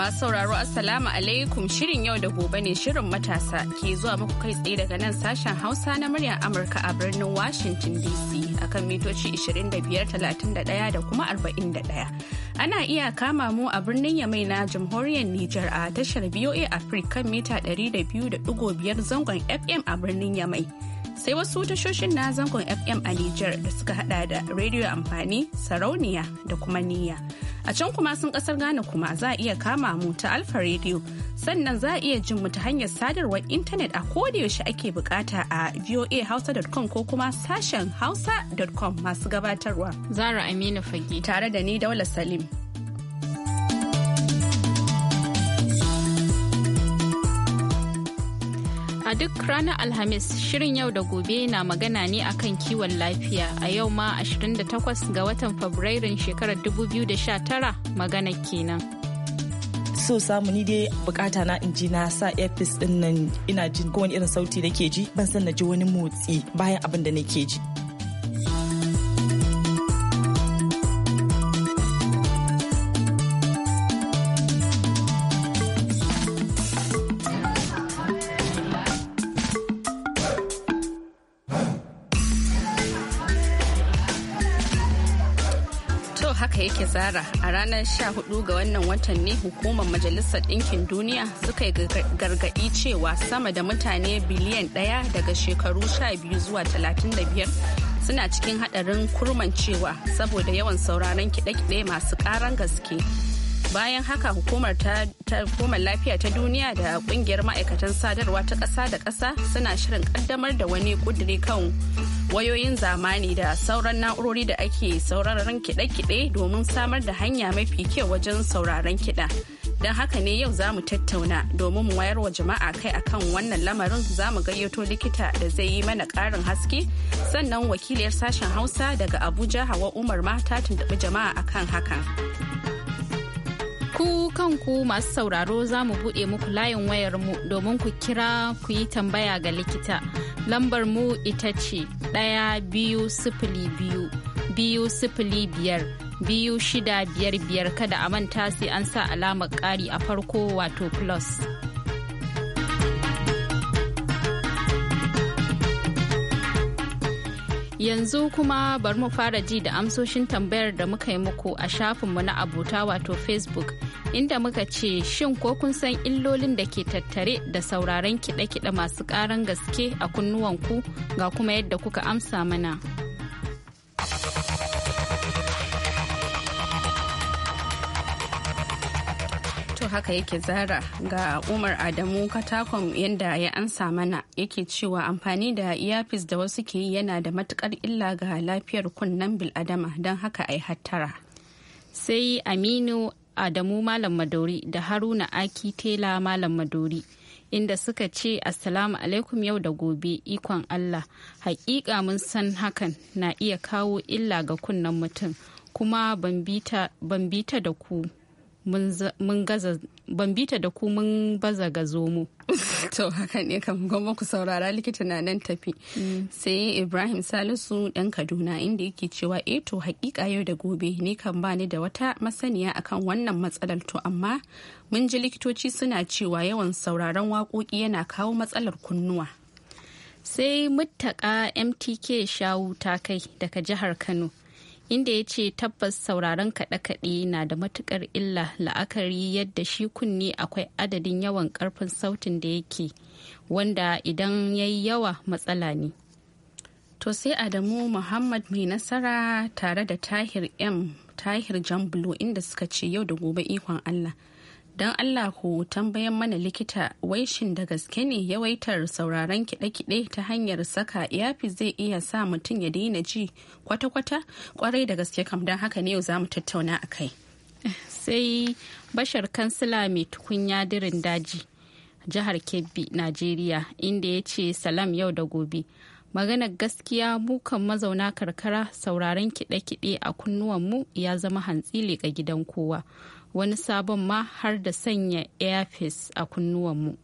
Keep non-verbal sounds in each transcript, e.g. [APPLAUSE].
Masu sauraro Assalamu alaikum shirin yau da gobe ne shirin matasa ke zuwa muku kai tsaye daga nan sashen Hausa na muryar Amurka a birnin Washington DC akan mitoci 25,31 da kuma 41. Ana iya kama mu a birnin Yamai na jamhuriyar Nijar a tashar BOA Africa kan mita 200.5 zangon FM a birnin Yamai. sai wasu tashoshin na zangon fm a Nijar da suka hada da rediyo amfani sarauniya da kuma niyya a can kuma sun kasar ghana kuma za a iya kama mu ta alfa radio sannan za a iya jin mu ta hanyar sadarwar intanet a kodayaushe ake bukata a voahausa.com ko kuma sashen hausa.com masu gabatarwa zara aminu fage tare da ni daula salim A duk ranar Alhamis shirin yau da gobe na magana ne akan kiwon lafiya a yau ma 28 ga watan Fabrairun shekarar 2019 magana kenan. so samu ni dai bukata na in ji na sa earpiece din nan ina jin kowane irin sauti da ke ji ban san na ji wani motsi bayan abin da nake ji. gagara a ranar 14 ga wannan watan ne hukumar majalisar ɗinkin duniya suka yi gargaɗi cewa sama da mutane biliyan ɗaya daga shekaru 12 zuwa 35 suna cikin haɗarin kurmancewa saboda yawan sauraron kiɗe-kiɗe masu ƙaran gaske bayan haka hukumar lafiya ta duniya da ƙungiyar ma'aikatan sadarwa ta ƙasa da ƙasa suna shirin ƙaddamar da wani ƙudiri kan wayoyin zamani da sauran na'urori da ake sauraron kiɗe-kiɗe domin samar da hanya mafi kyau wajen sauraron kiɗa. Don haka ne yau za mu tattauna domin mu wayar wa jama'a kai akan wannan lamarin za mu gayyato likita da zai yi mana ƙarin haske sannan wakiliyar sashen Hausa daga Abuja Hawa Umar ma ta tuntuɓi jama'a akan hakan. ku kanku masu sauraro za mu buɗe muku layin wayar mu domin ku kira ku yi tambaya ga likita lambar mu ita ce ɗaya biyu sifili biyu biyu sifili biyar biyu shida biyar biyar kada a manta sai an sa alamar ƙari a farko wato plus. yanzu kuma bari mu fara ji da amsoshin tambayar da muka yi muku a shafinmu na abota wato facebook inda muka ce shin ko kun san illolin da ke tattare da sauraron kiɗe-kiɗe masu ƙaran gaske a kunnuwanku ga kuma yadda kuka amsa mana. to haka yake zara ga umar adamu katakon yadda ya ansa mana yake cewa amfani da iyafis da wasu ke yi yana da matukar illa ga lafiyar kunnen biladama don haka ai hattara sai aminu Adamu Malam Madori da Haruna Aki Tela Malam Madori. inda suka ce assalamu alaikum yau da gobe ikon Allah hakika mun san hakan na iya kawo illa ga kunnen mutum kuma ban bita da ku mun gaza ban da ku mun baza ga zomo. [LAUGHS] to haka ne kan goma ku saurara likita na nan tafi mm. sai ibrahim salisu ɗan kaduna inda yake cewa eh to hakika yau da gobe ne kan bani da wata masaniya akan wannan matsalar to amma mun ji likitoci suna cewa yawan sauraron waƙoƙi yana kawo matsalar kunnuwa sai muttaka mtk shawu ta kai daga jihar kano inda ya ce tabbas sauraron kaɗe-kaɗe na da matuƙar illa la'akari yadda shi kunni akwai adadin yawan ƙarfin sautin da yake wanda idan ya yi yawa matsala ne to sai adamu muhammad mai nasara tare da tahir m tahir jan blue inda suka ce yau da gobe ikon allah don Allah ku tambayan mana likita waishin da gaske ne yawaitar sauraron kiɗe-kiɗe ta hanyar saka yafi zai iya sa mutum ya daina ji kwata-kwata kwarai da gaske kam don haka ne yau za mu tattauna a kai. Sai bashar kansila mai tukunya dirin daji jihar Kebbi, Najeriya, inda ya ce salam yau da gobe. maganar gaskiya mukan mazauna karkara sauraron kiɗe-kiɗe a kunnuwanmu ya zama hantsi leƙa gidan kowa wani sabon ma har da sanya airfis a kunnuwanmu.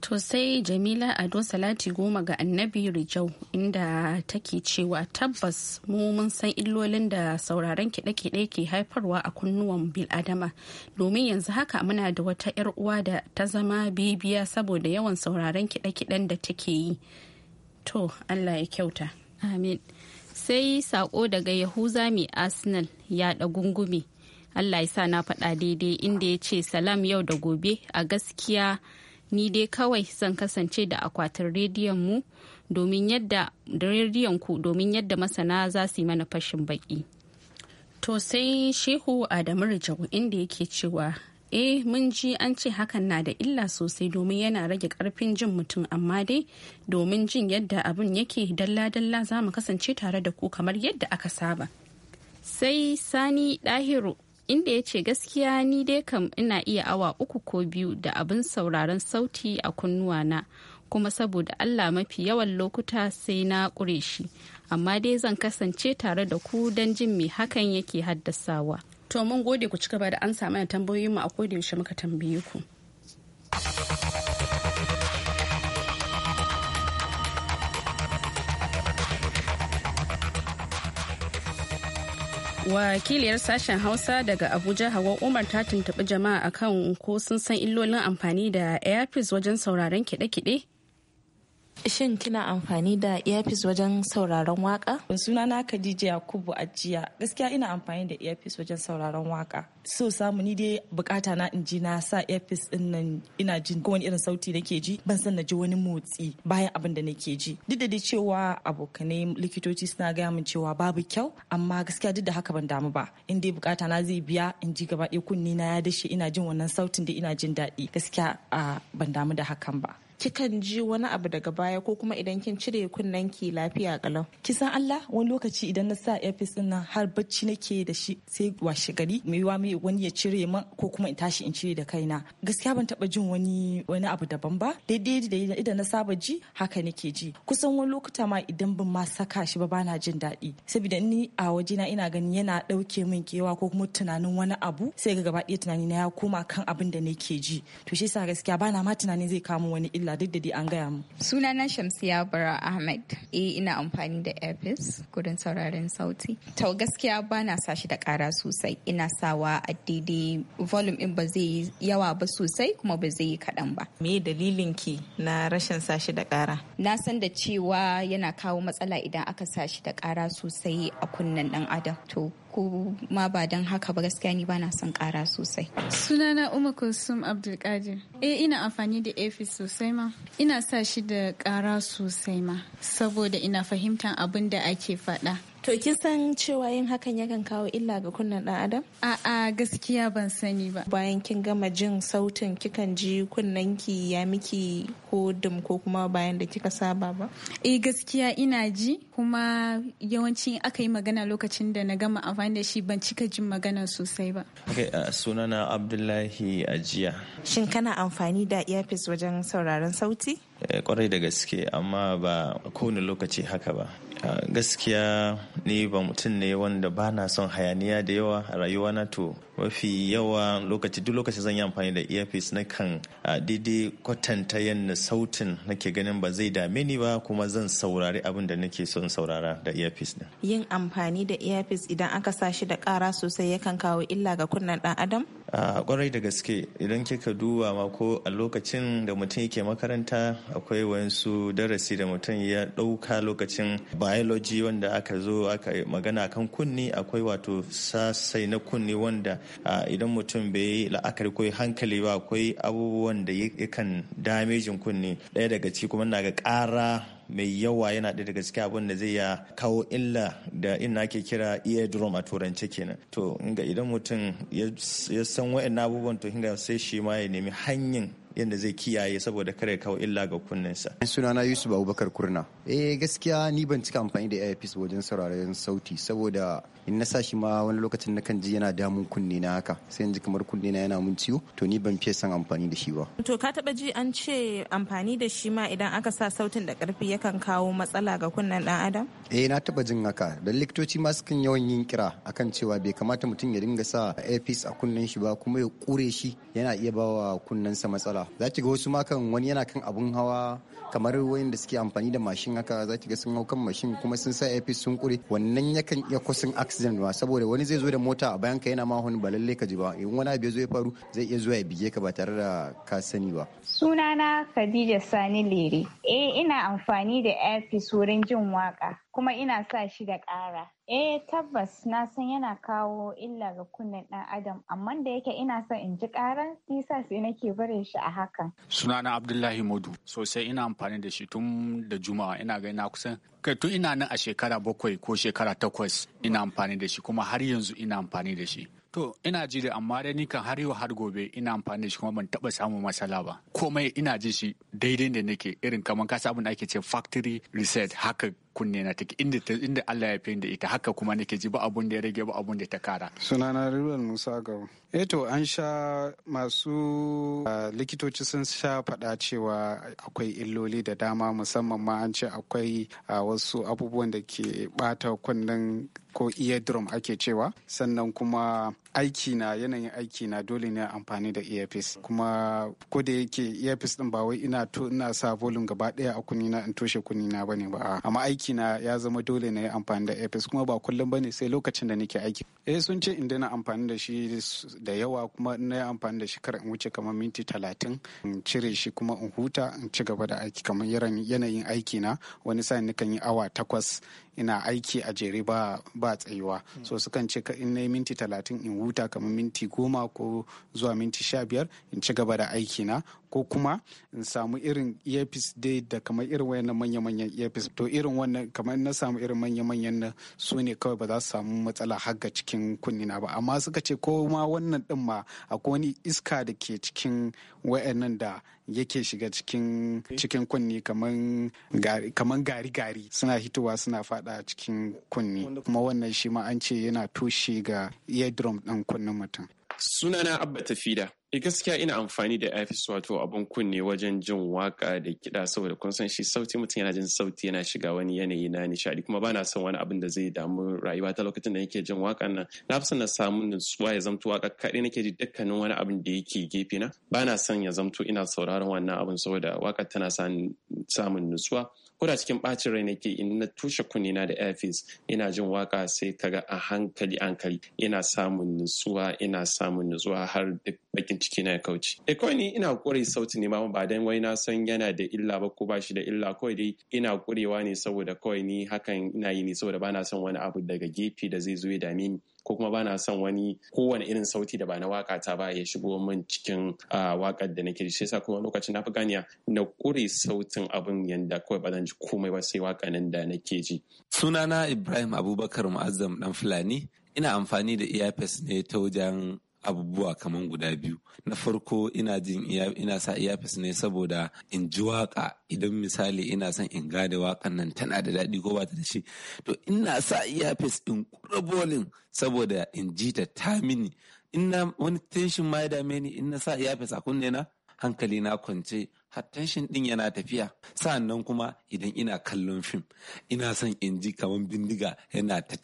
To sai Jamila Ado Salati goma ga annabi Rijau inda take cewa tabbas mu mun san illolin da sauraron kiɗe-kiɗe ke haifarwa a kunnuwan biladama domin yanzu haka muna da wata 'yar uwa da ta zama bibiya saboda yawan sauraron kiɗe-kiɗen da take yi. To Allah ya kyauta. Amin. Sai sako daga Yahuza mai Arsenal ya ɗagungume. gungume. Allah ya sa na faɗa daidai inda ya ce salam yau da gobe a gaskiya ni dai kawai zan kasance da akwatin rediyon mu domin yadda rediyon ku domin yadda masana za su yi mana fashin baki. To sai Shehu Adamu Rijau inda yake cewa eh mun ji an ce hakan na da illa sosai domin yana rage karfin jin mutum amma dai domin jin yadda abun yake dalla-dalla za mu kasance tare da ku kamar yadda aka saba. Sai Sani Dahiru inda ya ce gaskiya ni dai kam ina iya awa uku ko biyu da abin sauraron sauti a kunnuwana kuma saboda Allah mafi yawan lokuta sai na ƙure shi amma dai zan kasance tare da ku don jin mai hakan yake haddasawa. To mun gode ku ci gaba da an samu tambayoyin mu a koda yaushe muka tambaye ku. wakiliyar sashen hausa daga abuja hawa umar ta tuntuɓi jama'a akan ko sun san illolin amfani da airpiece wajen sauraron kiɗe-kiɗe Shin kina amfani da earpiece wajen sauraron waka? Sunana Khadija Yakubu Ajiya. Gaskiya ina amfani da earpiece wajen sauraron waka. So samu ni dai bukata na in ji na sa earpiece din nan ina jin ko wani irin sauti nake ji ban san na ji wani motsi bayan abin da nake ji. Duk da dai cewa abokanai likitoci suna gaya min cewa babu kyau amma gaskiya duk da haka ban damu ba. In dai bukata na zai biya in ji gaba ɗaya kunni na ya dashe ina jin wannan sautin da ina jin daɗi. Gaskiya ah, ban damu da hakan ba. kikan ji wani abu daga baya ko kuma idan kin cire kunnen ki lafiya kalau kisan Allah wani lokaci idan na sa earpiece din nan har bacci nake da shi sai washe gari mai yiwa mai wani ya cire ma ko kuma in tashi in cire da kaina gaskiya ban taba jin wani wani abu daban ba daidai da idan na saba ji haka nake ji kusan wani lokuta ma idan ban ma saka shi ba bana jin daɗi saboda ni a wajena ina ganin yana dauke min kewa ko kuma tunanin wani abu sai ga gaba ɗaya tunani na ya koma kan abin da nake ji to shi yasa gaskiya bana ma tunanin zai kamo wani illa duk da dai an gaya mu. Sunana Shamsiya Bara Ahmed. Eh ina amfani da Airpods gudun sauraren sauti. To gaskiya ba na sa shi da ƙara sosai. Ina sawa a daidai volume in ba zai yi yawa ba sosai kuma ba zai yi kaɗan ba. Me dalilin ki na rashin sa shi da ƙara? Na san da cewa yana kawo matsala idan aka sa shi da ƙara sosai a kunnen ɗan adam. To ko ma ba don haka ba gaskiya ni ba na son kara sosai. Sunana Umar Kulsum Abdulkadir. Eh ina amfani da Efis sosai ma. Ina sa shi da kara sosai ma saboda ina fahimtar abin da ake faɗa. To kin san cewa yin hakan yakan kawo illa ga kunnen dan adam? A'a gaskiya ban sani ba. Bayan kin gama jin sautin kikan ji ki ya miki ko dum ko kuma bayan da kika saba ba? Eh gaskiya ina ji kuma yawanci aka yi magana lokacin da na gama amfani da shi ban cika jin magana sosai ba. Okay, uh, sunana Abdullahi Ajiya. Shin kana amfani da earpiece wajen sauraron sauti? Eh, kwarai da gaske amma ba kowane lokaci haka ba gaskiya ni ba mutum ne wanda ba na son hayaniya da yawa a rayuwa na to mafi yawa lokaci duk lokacin zan yi amfani da earpiece na kan daidai kwatanta yadda sautin nake ganin ba zai dame ni ba kuma zan saurari abin da nake son saurara da earpiece din yin amfani da earpiece idan aka sa shi da kara sosai yakan kawo illa ga kunnen dan adam a kwarai da gaske idan kika duba ma ko a lokacin da mutum yake makaranta akwai wayansu darasi da mutum ya ɗauka lokacin biology wanda aka zo aka magana kan kunni akwai wato sasai na kunni wanda idan mutum bai yi la'akari ko hankali ba akwai abubuwan da yakan damejin kunne ɗaya daga ciki kuma na ga ƙara mai yawa yana ɗaya daga cikin abin da zai ya kawo illa da ina ke kira eardrum a turance kenan to inga idan mutum ya san wa'in abubuwan to inga sai shi ma ya nemi hanyar yadda zai kiyaye saboda kare kawo illa ga kunninsa. sunana yusuf abubakar kurna eh gaskiya ni ban cika amfani da airpiece wajen sauraren sauti saboda in na sashi ma wani lokacin na kan ji yana damun kunne na haka sai in ji kamar kunne na yana mun ciwo to ni ban fiye son amfani da shi ba. to ka taba ji an ce amfani da shi ma idan aka sa sautin da karfi yakan kawo matsala ga kunnen dan adam. eh na taba jin haka dan likitoci ma sukan yawan yin kira akan cewa bai kamata mutum ya dinga sa airpiece a kunnen shi ba kuma ya kure shi yana iya bawa kunnensa matsala za ki ga wasu makan wani yana kan abun hawa kamar da suke amfani da mashin haka za ki ga sun hau kan mashin kuma sun sa earpiece sun kure wannan yakan iya kusin accident ba saboda wani zai zo da mota a bayan ka yana ma hun ba ka ji ba in wani abu ya zo ya faru zai iya zuwa ya bige ka ba tare da ka sani ba sunana Khadija Sani Lere eh ina amfani da earpiece wurin jin waka kuma ina sa shi da ƙara. Eh tabbas na san yana kawo illa ga kunnen ɗan adam amma da yake ina son in ji ƙaran sisa sai nake barin shi a haka Sunana Abdullahi Modu sosai ina amfani da shi tun da Juma'a ina ga ina kusan kai tun ina nan a shekara bakwai ko shekara takwas ina amfani da shi kuma har yanzu ina amfani da shi. To ina ji da amma dai ni kan har yau har gobe ina amfani da shi kuma ban taɓa samun matsala ba. Komai ina ji shi daidai da nake irin kamar ka abin da ake ce factory reset haka kunne na take inda inda Allah ya fi da ita haka kuma nake ji ba abun da ya rage ba abun da ta kara sunana ruwan Musa Gawo eto eh an sha masu likitoci sun sha faɗa cewa akwai illoli da dama musamman ma an ce akwai wasu abubuwan da ke bata kunnen ko eardrum ake cewa sannan kuma aiki na yanayin aiki na dole ne amfani da earpiece kuma ko da yake earpiece din ba wai ina to ina sa volume gaba daya a kunni na in toshe kunni na bane ba amma aiki na ya zama dole ne amfani da earpiece kuma ba kullum bane sai lokacin da nake aiki eh sun ce in daina amfani da shi da yawa kuma in yi amfani da shi kar in wuce kamar minti talatin in cire shi kuma in huta in ci gaba da aiki kamar yanayin aiki na wani sa'in nakan yi awa takwas ina aiki a jere ba ba tsayuwa so sukan ce in na minti talatin in huta kamar minti goma ko zuwa minti sha biyar in ci gaba da aiki na ko kuma in samu irin earpiece dai da kamar irin wayannan manya-manyan earpiece to irin wannan kamar na samu irin manya-manyan na su ne kawai ba za su samu matsala har ga cikin na ba amma suka ce ko ma wannan din ma akwai wani iska da ke cikin wayannan da yake shiga cikin cikin kunni kaman gari gari suna hitowa suna fada cikin kunni kuma wannan shi ma an ce yana toshe ga eardrum ɗin kunnen mutum sunana abba tafida Ai, eh, gaskiya ina amfani da airpiece wato abun kunne wajen jin waka da kiɗa saboda kun san shi sauti mutum yana jin sauti yana shiga wani yanayi na nishadi kuma bana son wani abin da zai damu rayuwa ta lokacin da nake jin wakan nan na fi son na samu nutsuwa ya zamto waka kaɗai nake ji dukkanin wani abin da yake gefe na bana son ya zamto ina sauraron wannan abin saboda waka tana samun nutsuwa ko da cikin bacin rai nake in na tushe na da airface ina jin waka sai ga a hankali hankali ina samun nutsuwa ina samun nutsuwa har duk bakin ciki na ya kauce e kawai ni ina kure sauti ne ma ba dan wai na san yana da illa ba ko bashi da illa kawai dai ina kurewa ne saboda kawai ni hakan ina yi ne saboda bana son wani abu daga gefe da zai zo ya dame ni ko kuma bana son wani kowane irin sauti da ba na waka ta ba ya shigo min cikin wakar da nake shi yasa kuma lokacin na fi ganiya na kure sautin abin yanda kawai ba zan ji komai ba sai waka nan da nake ji sunana Ibrahim Abubakar Mu'azzam dan Fulani ina amfani da earpiece ne ta wajen abubuwa kamar guda biyu na farko ina jin ina sa iyafis ne saboda in ji waka idan misali ina son in gane wakan nan tana da daɗi ko bata da shi to ina sa iyafis in kura bolin saboda in ji ta ta mini ina wani tenshin ma ya dame ni ina na sa iyafis a kunne na hankali na kwance Attention din yana tafiya. Sa'annan kuma idan ina kallon fim, ina son in ji kamar bindiga yana ta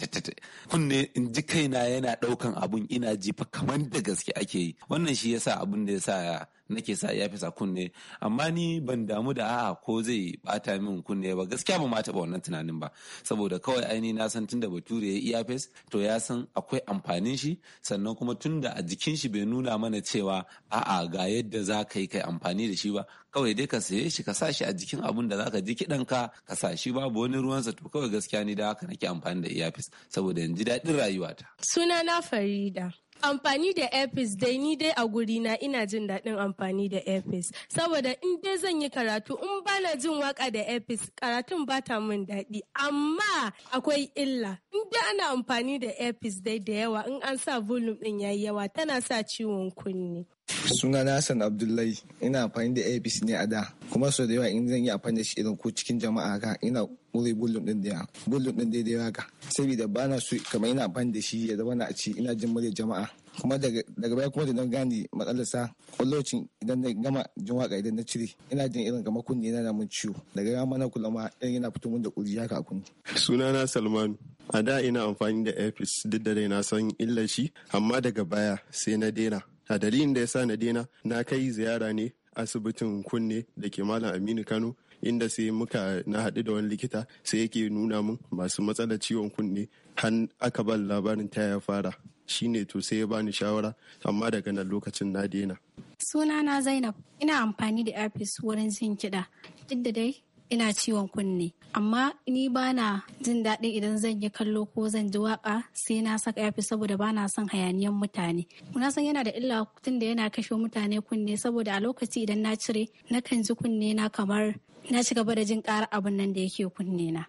Kunne in ji kaina yana ɗaukan abun ina jifa kamar da gaske ake yi. Wannan shi yasa abun da ya sa nake sa fi a kunne amma ni ban damu da a'a ko zai bata min kunne ba gaskiya ba ma taɓa wannan tunanin ba saboda kawai aini na san tunda bature ya iyafis to ya san akwai amfanin shi sannan kuma tunda a jikin shi bai nuna mana cewa a'a ga yadda za ka yi kai amfani da shi ba kawai dai ka saye shi ka sa shi a jikin abun da za ka ji kiɗan ka ka sa shi babu wani ruwansa to kawai gaskiya ni da haka nake amfani da iyafis saboda yanzu daɗin rayuwata. Suna na Farida. amfani da airpiece dai ni dai a guri na ina jin daɗin amfani da airpiece saboda in dai zan yi karatu in bana jin waka da airpiece karatun ba ta min daɗi amma akwai illa in dai ana amfani da airpiece dai da yawa in an sa volume ɗin yayi yawa tana sa ciwon kunne suna Nasan Abdullahi ina amfani da APC ne a da kuma sau da yawa in zan yi amfani da shi idan ko cikin jama'a ka ina wuri bullun din da bullun din daidai ga saboda ba na so kamar ina amfani da shi ya zama na a ci ina jin murya jama'a kuma daga baya kuma da na gane sa kullocin idan na gama jin waka idan na cire ina jin irin kamar kunne yana na mun ciwo daga ya mana kula ma irin yana fito mun da kuri ka a kunne. na salmanu a da ina amfani da apis duk da dai na san illar shi amma daga baya sai na daina a dalilin da ya sa na daina na kai ziyara ne asibitin kunne da ke malam aminu kano inda sai muka na haɗu da wani likita sai yake nuna mun masu matsalar ciwon kunne har aka ban labarin ta ya fara shine to sai ya bani shawara amma daga nan lokacin na daina na zainab ina amfani da airpiece wurin jin kiɗa duk da dai ina ciwon kunne amma ni bana jin daɗi idan zan yi kallo ko zan ji waka sai na saka yafi saboda bana son hayaniyan mutane na san yana da illa tun da yana kashe mutane kunne saboda a lokaci idan na cire na kan ji kunne na kamar na ci gaba da jin ƙara abun nan da yake kunne na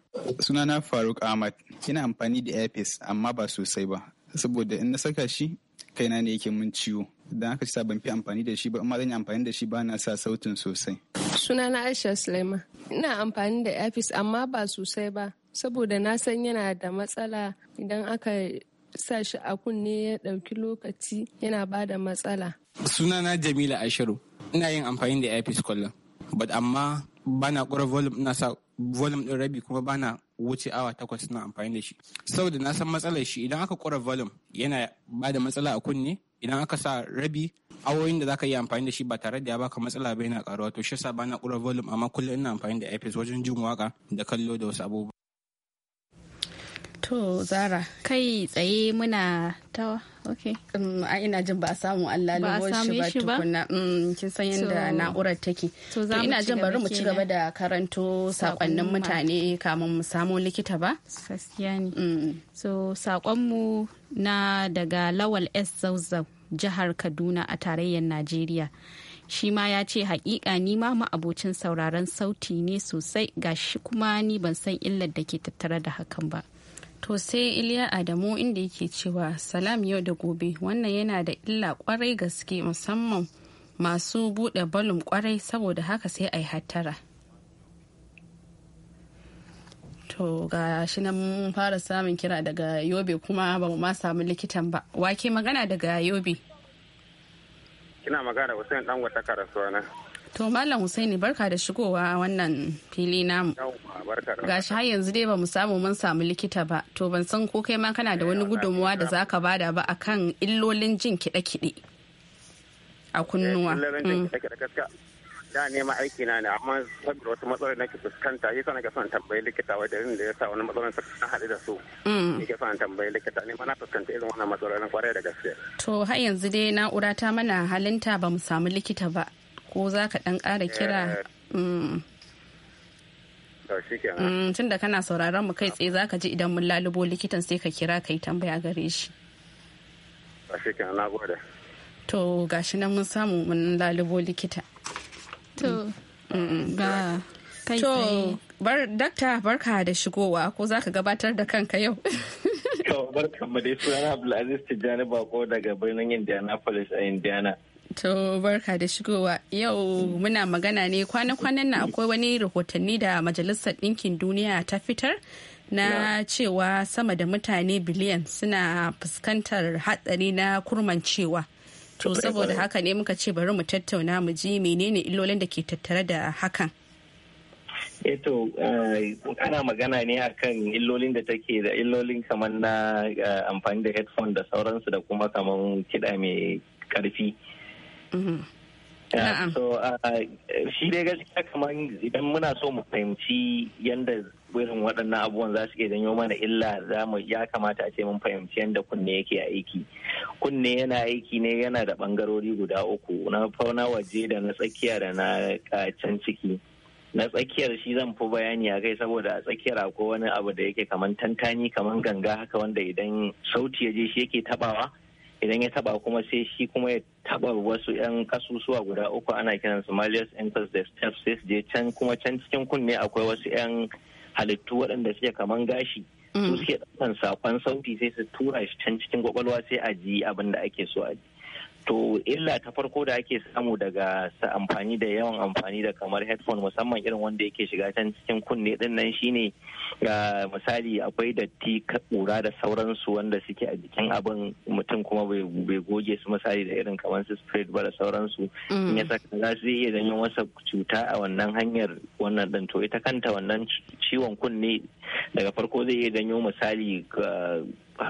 sunana faruk ahmad kina amfani da yafis amma ba sosai ba saboda in na saka shi kaina ne yake mun ciwo da aka ci ban fi amfani da shi ba amma zan yi amfani da shi ba na sa sautin sosai Suna na aisha sulaiman ina amfani da earpiece amma ba sosai ba saboda na san yana da matsala idan aka sa shi a kunne ya ɗauki lokaci yana ba da matsala na jamila ashiru ina yin amfani da earpiece kullum but amma bana kura volume ina sa volume ɗin rabi kuma bana wuce awa takwas na amfani da shi saboda na san matsalar shi idan aka kura volume yana ba da matsala a kunne idan aka sa rabi awoyin da zaka yi amfani da shi ba tare da ya baka matsala ba yana karuwa to shi yasa ba na kura volume amma kullum ina amfani da airpiece wajen jin waka da kallo da wasu abubuwa To Zara. Kai tsaye muna tawa. Okay. Um, a ina jin ba a samu Allah shi ba tukuna. Um, kin san yadda na'urar take. To ina jin bari mu ci gaba da karanto sakonnin mutane kamun mu samu likita ba. Gaskiya ne. Mm. So sakonmu na daga Lawal S Zauzau jihar Kaduna a tarayyar Najeriya. shi ma ya ce hakika ni ma ma'abocin sauraron sauti ne sosai gashi kuma ni ban san illar da ke tattare da hakan ba. To sai Iliya Adamu inda yake cewa salam yau da gobe wannan yana da illa kwarai gaske musamman masu bude balum kwarai saboda haka sai a yi hattara. To ga shi nan fara samun kira daga Yobe kuma ba mu ma samu likitan ba. Wake magana daga Yobe. Kina magana Hussein dan wata karasuwa na. To Malam Husaini barka da shigowa wannan fili namu. Ga shi har yanzu dai ba mu samu mun samu likita ba. To ban san ko kai ma kana da wani eh, gudunmuwa da zaka bada ba akan illolin jin kiɗe-kiɗe a eh, kunnuwa. Mm. da nema aiki na ne amma saboda wata matsalar na ke fuskanta shi sa na son tambayi likita wa dalilin da ya sa wani matsalar sa kan haɗu da su mm. ni ke son tambayi likita ne na fuskanta irin wannan matsalolin kwarai da gaske to har yanzu dai na'ura ta mana halinta ba mu samu likita ba ko za ka ɗan ƙara kira eh. mm. mm, tun da kana sauraron mu kai tsaye za ka ji idan mun lalubo likitan sai ka kira ka yi tambaya gare shi to gashi nan mun samu mun lalubo likita to ba kai tsaye bar dakta barka da shigowa ko za ka gabatar da kanka yau to barkan mu dai sunana Abdulaziz Tijjani Bako daga birnin Indianapolis a Indiana To barka da shigowa yau muna magana ne kwana-kwanan na akwai wani rahotanni da Majalisar Ɗinkin Duniya ta fitar na cewa sama da mutane biliyan suna fuskantar hatsari na kurmancewa. To saboda haka ne muka ce bari mu tattauna mu ji menene illolin da ke tattare da hakan. eto eh eh, ana magana ne akan illolin da take da illolin kamar na eh, amfani da headphone da sauransu da kuma kamar kiɗa mai karfi. Mm-hmm. so uh, shi dai gaskiya kamar idan muna so mu fahimci yadda irin waɗannan abubuwan za su iya janyo mana illa za mu ya kamata a ce mun fahimci yadda kunne yake aiki kunne yana aiki ne yana da ɓangarori guda uku na fauna waje da na tsakiya da na uh, can ciki na tsakiyar shi zan fi bayani a kai saboda a tsakiyar akwai wani abu da yake kamar tantani kaman ganga haka wanda idan sauti ya je shi yake tabawa idan ya taba kuma sai shi kuma ya taba wasu yan kasusuwa guda uku ana kiran somalia's malleus da je can kuma can cikin kunne akwai wasu yan halittu waɗanda suke kaman gashi su mm. suke ɗaukan sakon sauti sai su tura shi can cikin kwakwalwa sai a ji abin da ake so a ji To illa ta farko da ake samu daga sa amfani da yawan amfani da kamar headphone musamman irin wanda yake shiga can cikin kunne din nan shine misali akwai datti kura da sauransu wanda suke a jikin abin mutum kuma bai goge su misali da irin kamar su spread ba da sauransu mm. in ya saka za su iya janyo masa cuta a wannan hanyar wannan din to ita kanta wannan ciwon kunne daga farko zai iya janyo misali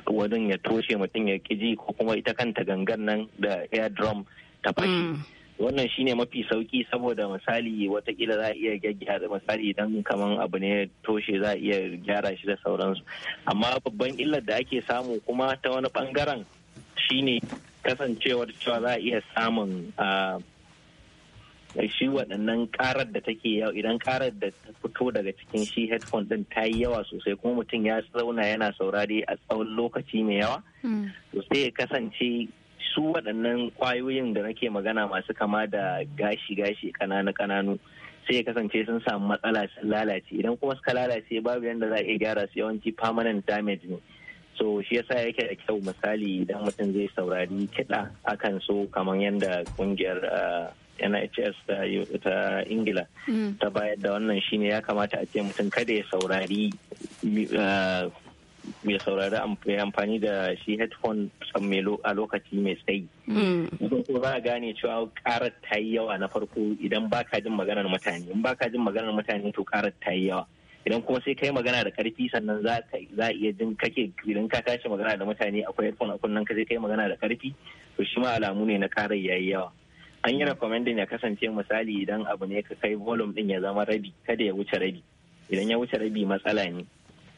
wajen ya toshe mutum ya kiji ko kuma ita kanta gangan nan da air drum ta fashe. Mm. wannan shine mafi sauki saboda misali watakila za a iya gyaggyara misali idan kaman abu ne toshe za a iya gyara shi da sauransu amma babban illar da ake samu kuma ta wani bangaren shine kasancewar cewa za a iya samun ah, shi waɗannan karar da take yawa idan karar da ta fito daga cikin shi headphone ɗin ta yi yawa sosai kuma mutum ya zauna yana saurari a tsawon lokaci mai yawa sosai hmm. sai ya kasance su waɗannan kwayoyin da nake magana masu kama da gashi-gashi kananu-kananu sai ya kasance sun samu matsala sun lalace idan kuma suka lalace babu yadda za a iya gyara su yawanci permanent damage ne so shi yasa yake da kyau misali idan mutum zai saurari kiɗa akan so kamar yadda kungiyar uh, nhs ta ingila hmm. ta bayar da wannan shine ya kamata a ce mutum kada ya saurari mai eh, saurari amfani da shi headphone a lokaci mai tsayi. Hmm. Ko za a gane cewa karar ta yi yawa na farko idan baka jin maganar mutane. In baka jin maganar mutane to karar ta yi yawa. Idan kuma sai kai magana da karfi sannan za a iya jin kake idan ka tashi magana da mutane akwai headphone a kunnen ka sai kai magana da karfi to shi ma alamu ne na karar yayi yawa. an yi recommending ya kasance misali idan abu ne ka kai volume din ya zama rabi kada ya wuce rabi idan ya wuce rabi matsala ne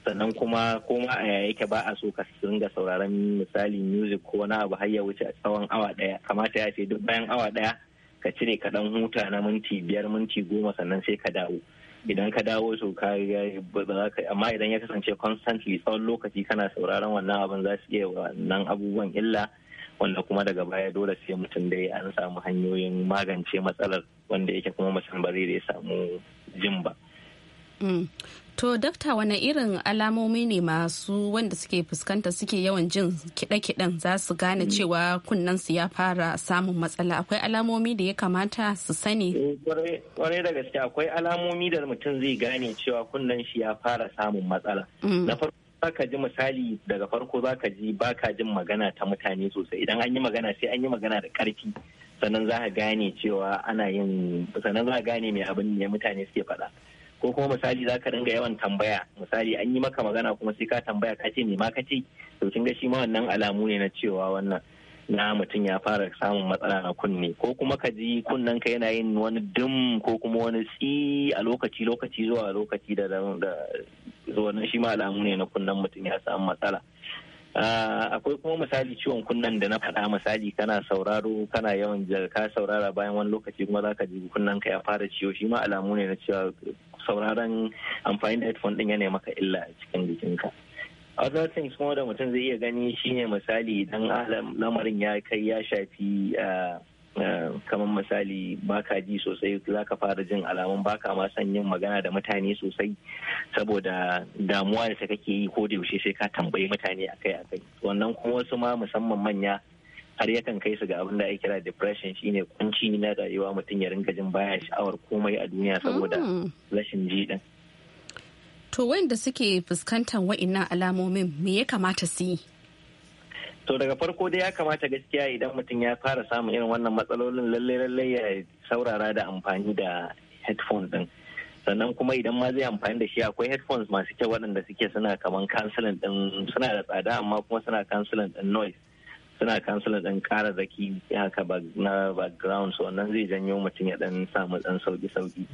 sannan kuma koma a yaya yake ba a so ka ringa sauraron misali music ko na abu har ya wuce tsawon awa daya kamata ya ce duk bayan awa daya ka cire ka dan huta na minti biyar minti goma sannan sai ka dawo idan ka dawo to ka amma idan ya kasance constantly tsawon lokaci kana sauraron wannan abin za su iya wannan abubuwan illa wanda kuma daga baya dole sai mutum dai an samu hanyoyin magance matsalar wanda yake kuma mutum da ya samu jin ba. Mm. To dakta wani irin alamomi ne masu wanda suke fuskanta suke yawan jin kiɗe-kiɗen za su gane mm. cewa su ya fara samun matsala akwai alamomi da ya kamata su sani? Eh, kwarai da gaske akwai alamomi da mutum zai gane cewa kunnen shi ya fara samun matsala. Mm. Na farko zaka ji misali daga farko zaka ji baka jin magana ta mutane sosai idan an yi magana sai an yi magana da karfi sannan za ka gane cewa ana yin sannan za ka gane me abin ne mutane suke faɗa ko kuma misali za ka dinga yawan tambaya misali an yi maka magana kuma sai ka tambaya ka ce me ma ka ce to kin shi ma wannan alamu ne na cewa wannan na mutum ya fara samun matsala na kunne ko kuma ka ji kunnen ka yana yin wani dum ko kuma wani tsi a lokaci lokaci zuwa lokaci da wannan shi ma alamu ne na kunnen mutum ya samu matsala ah, akwai kuma misali ciwon kunnen da na faɗa misali kana sauraro kana yawan ka saurara bayan wani lokaci kuma zaka ji kunnen ka ya fara ciwo shi ma alamu ne na cewa sauraron amfani da headphone din yana maka illa a cikin jikinka other things kuma da mutum zai iya gani shine misali idan lamarin ya kai ya shafi ah, Eh, kamar misali baka ji sosai za ka fara jin alamun baka ma son yin magana da mutane sosai saboda damuwa da ta kake yi ko da yaushe sai ka tambayi mutane akai akai wannan kuma wasu ma musamman manya har yakan kai su ga abin da ake kira depression shine kunci na rayuwa mutum ya rinka jin baya sha'awar komai a duniya saboda hmm. rashin ji din to wanda suke fuskantar wa'annan alamomin me ya kamata su yi to daga farko dai ya kamata gaskiya idan mutum ya fara samun irin wannan matsalolin lalle lalle ya saurara da amfani da headphones din sannan kuma idan ma zai amfani da shi akwai headphones masu kyau waɗanda suke suna kaman cancelling din suna da tsada amma kuma suna cancelling din noise suna canceling din ƙara zaki haka na background so wannan zai janyo mutum ya dan samu dan sauki sauki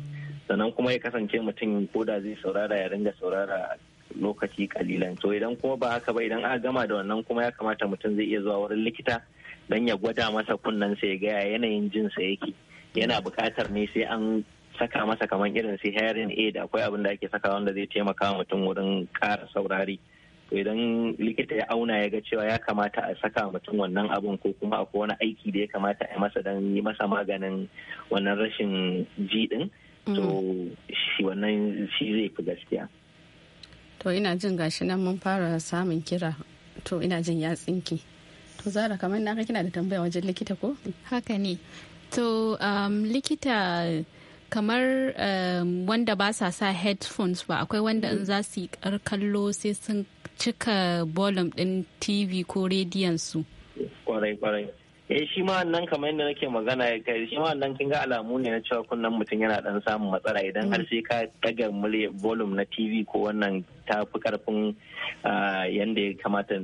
sannan kuma ya kasance mutum koda zai saurara ya ringa saurara lokaci kalilan so idan kuma ba haka ba idan a gama da wannan kuma ya kamata mutum zai iya zuwa wurin likita dan ya gwada masa kunnen sa ya ga yanayin jin sa yake yana buƙatar ne sai an saka masa kamar irin sai hearing aid akwai abin da ake saka wanda zai taimaka mutum wurin ƙara saurari to idan likita ya auna ya ga cewa ya kamata a saka mutum wannan abun ko kuma akwai wani aiki da ya kamata a masa dan yi masa maganin wannan rashin ji din mm. to shi wannan shi zai fi gaskiya to ina jin gashi nan mun fara samun kira to ina jin ya tsinki to zara kamar na kina da tambaya wajen likita ko haka ne to um, likita kamar um, wanda ba sa sa headphones ba akwai wanda in za su yi kallo sai sun cika bolum din tv ko rediyon su eh shi ma nan kamar yadda nake magana ya eh, kai shi ma nan kin ga alamu ne na cewa kunnen mutum yana dan samun matsala idan har mm. sai ka daga murya volume na TV ko wannan ta fi karfin ah, yanda ya kamata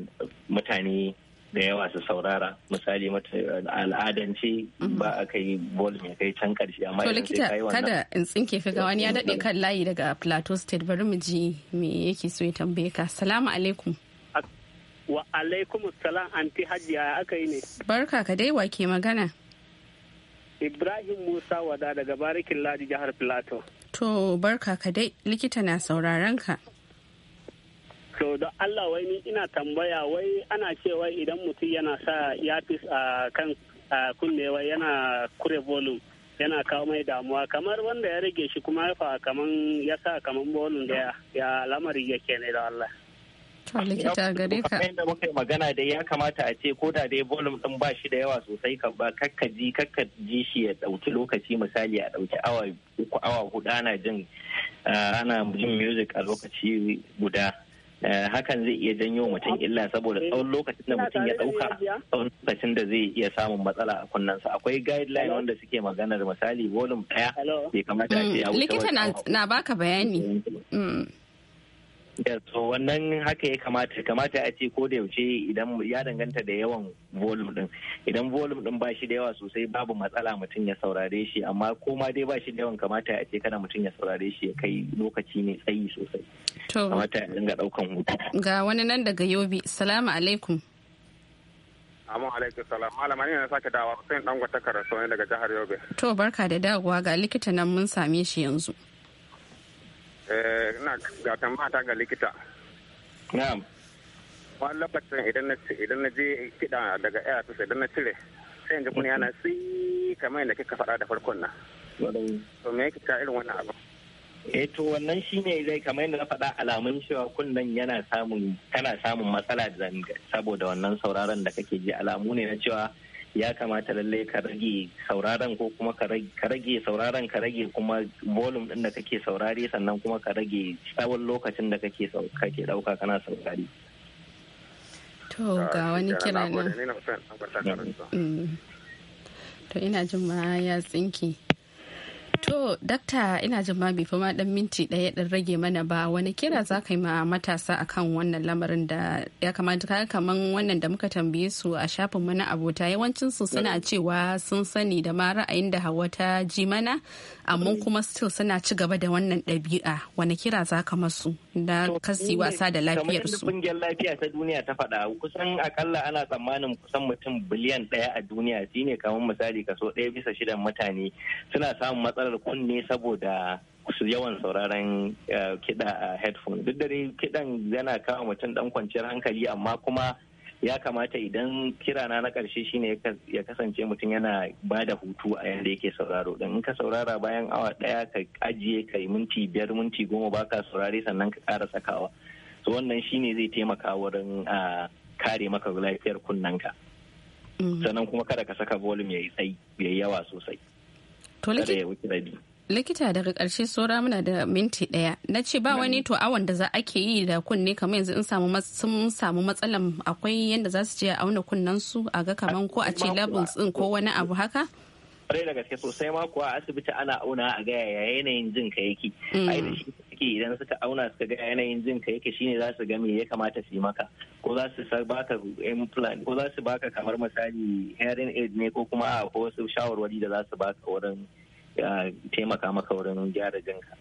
mutane da yawa su saurara misali al'adance mm-hmm. ba a kai volume kai can karshe amma idan sai kai wannan kada in tsinke ka ga wani ya dade kan layi daga Plateau State bari mu ji me yake so ya tambaye ka assalamu alaikum Wa alaikum salam anti hajiya aka yi ne. Barka ka dai wake magana. Ibrahim Musa wada daga barikin ladi jihar Filato. To barka ka dai likita na sauraron ka. To da Allah wai ni ina tambaya wai ana cewa idan mutum yana sa yafis a kan kunnewa yana kure volume yana kawo mai damuwa kamar wanda ya rage shi kuma ya fa kamar ya sa kamar bolin da ya lamari yake ne da Allah. To likita gare ka. Kamar muka yi magana dai ya kamata a ce ko da dai volume din ba shi da yawa sosai ka ba kakka ji kakka ji shi ya dauki lokaci misali a dauki awa uku awa hudu ana jin ana jin music a lokaci guda hakan zai iya janyo mutum illa saboda tsawon lokacin da mutum ya dauka tsawon lokacin da zai iya samun matsala a kunnensa akwai guideline wanda suke maganar misali volume daya bai kamata a ce ya wuce mm, likita na baka bayani mm. Mm. da to wannan haka ya kamata kamata a ce ko da yaushe idan ya danganta da yawan volume din idan volume din ba shi da yawa sosai babu matsala mutum ya saurare shi amma ko ma dai ba shi da yawan kamata a ce kana mutum ya saurare shi ya kai lokaci ne tsayi sosai kamata ya dinga daukan hutu ga wani nan daga yobi salamu alaikum amma alaikum salam. Malama ne na sake dawa dan gwata Karaso ne daga jihar Yobe. To barka da dawowa ga likita nan mun same shi yanzu. Eh, na ga tambata ga likita na'am wani lokacin idan na idan na je kiɗa daga airpis idan na cire sai inji kun yana si kamar yadda kika faɗa da farkon na to me yake ta irin wannan abu eh to wannan shine zai kamar yadda na faɗa alamun cewa kunnen yana samun kana samun matsala saboda wannan sauraron da kake ji alamu ne na cewa ya kamata lallai ka rage sauraron ko kuma ka rage sauraron ka rage kuma volume din da kake saurari sannan kuma ka rage tsawon lokacin da kake kake dauka kana saurari. to ga ah, wani kira mm. Mm. ina jin ma ya tsinki To, dakta ina jin ma bai ma dan minti ɗaya dan rage mana ba wani kira za ka yi ma matasa akan wannan lamarin da ya kamata ka kaman wannan da muka tambaye su a shafin mana abota yawancin su suna mm. cewa sun sani da ma ra'ayin da hawa ta ji mana amma kuma still suna ci gaba da wannan ɗabi'a wani kira za ka masu da kasi wasa da lafiyar su. kungiyar lafiya ta duniya ta faɗa kusan akalla ana tsammanin kusan mutum biliyan ɗaya a duniya shine kamar misali kaso ɗaya bisa shidan mutane suna samun matsalar kunne saboda su yawan sauraron eh, kiɗa a headphone duk da kiɗan yana kawo mutum ɗan kwanciyar hankali amma kuma ya kamata idan kirana na karshe shine ya kasance mutum yana ba da hutu a yadda yake sauraro don in ka saurara bayan awa daya ka ajiye ka yi minti biyar minti goma ba ka saurare sannan ka kara sakawa so wannan shine zai taimaka wurin kare maka lafiyar kunnanka mm-hmm. sannan kuma kada ka saka volume ya yi tsayi ya yawa sosai kada ya wuce rabi likita daga ƙarshe tsora muna da minti ɗaya na ce ba wani to awon da za ake yi da kunne kamar yanzu in sun samu matsalan akwai yadda za su je a auna kunnen su a ga kamar ko a ce labin tsin ko wani abu haka kwarai da gaske sosai ma kuwa a asibiti ana auna a ga yanayin jin ka yake mm. ai shi suke idan suka auna suka ga yanayin jin ka yake shine za su ga me ya kamata su yi maka ko za su baka implant ko za su baka kamar misali hearing aid ne ko kuma a wasu shawarwari da za su baka wurin taimaka maka wurin gyara jinka.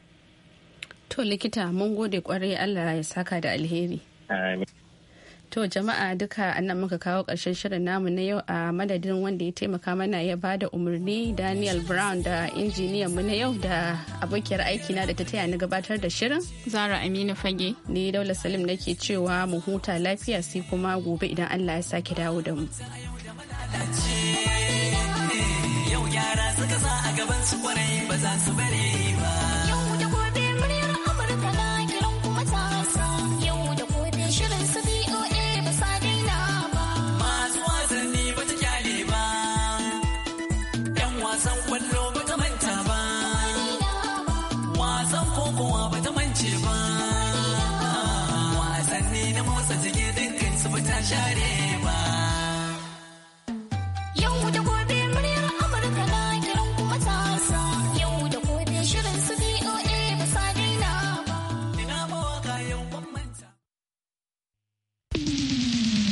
To likita mun gode kwarai Allah ya saka da alheri. Amin. To jama'a duka annan muka kawo ƙarshen shirin namu na yau a madadin wanda ya taimaka mana ya ba da umarni Daniel Brown da injiniyan mu na yau da abokiyar aikina da ta taya ni gabatar da shirin. Zara Aminu Fage. Ni Daula Salim nake cewa mu huta lafiya sai kuma gobe idan Allah ya sake dawo da mu. gaban su kwarai ba za su bari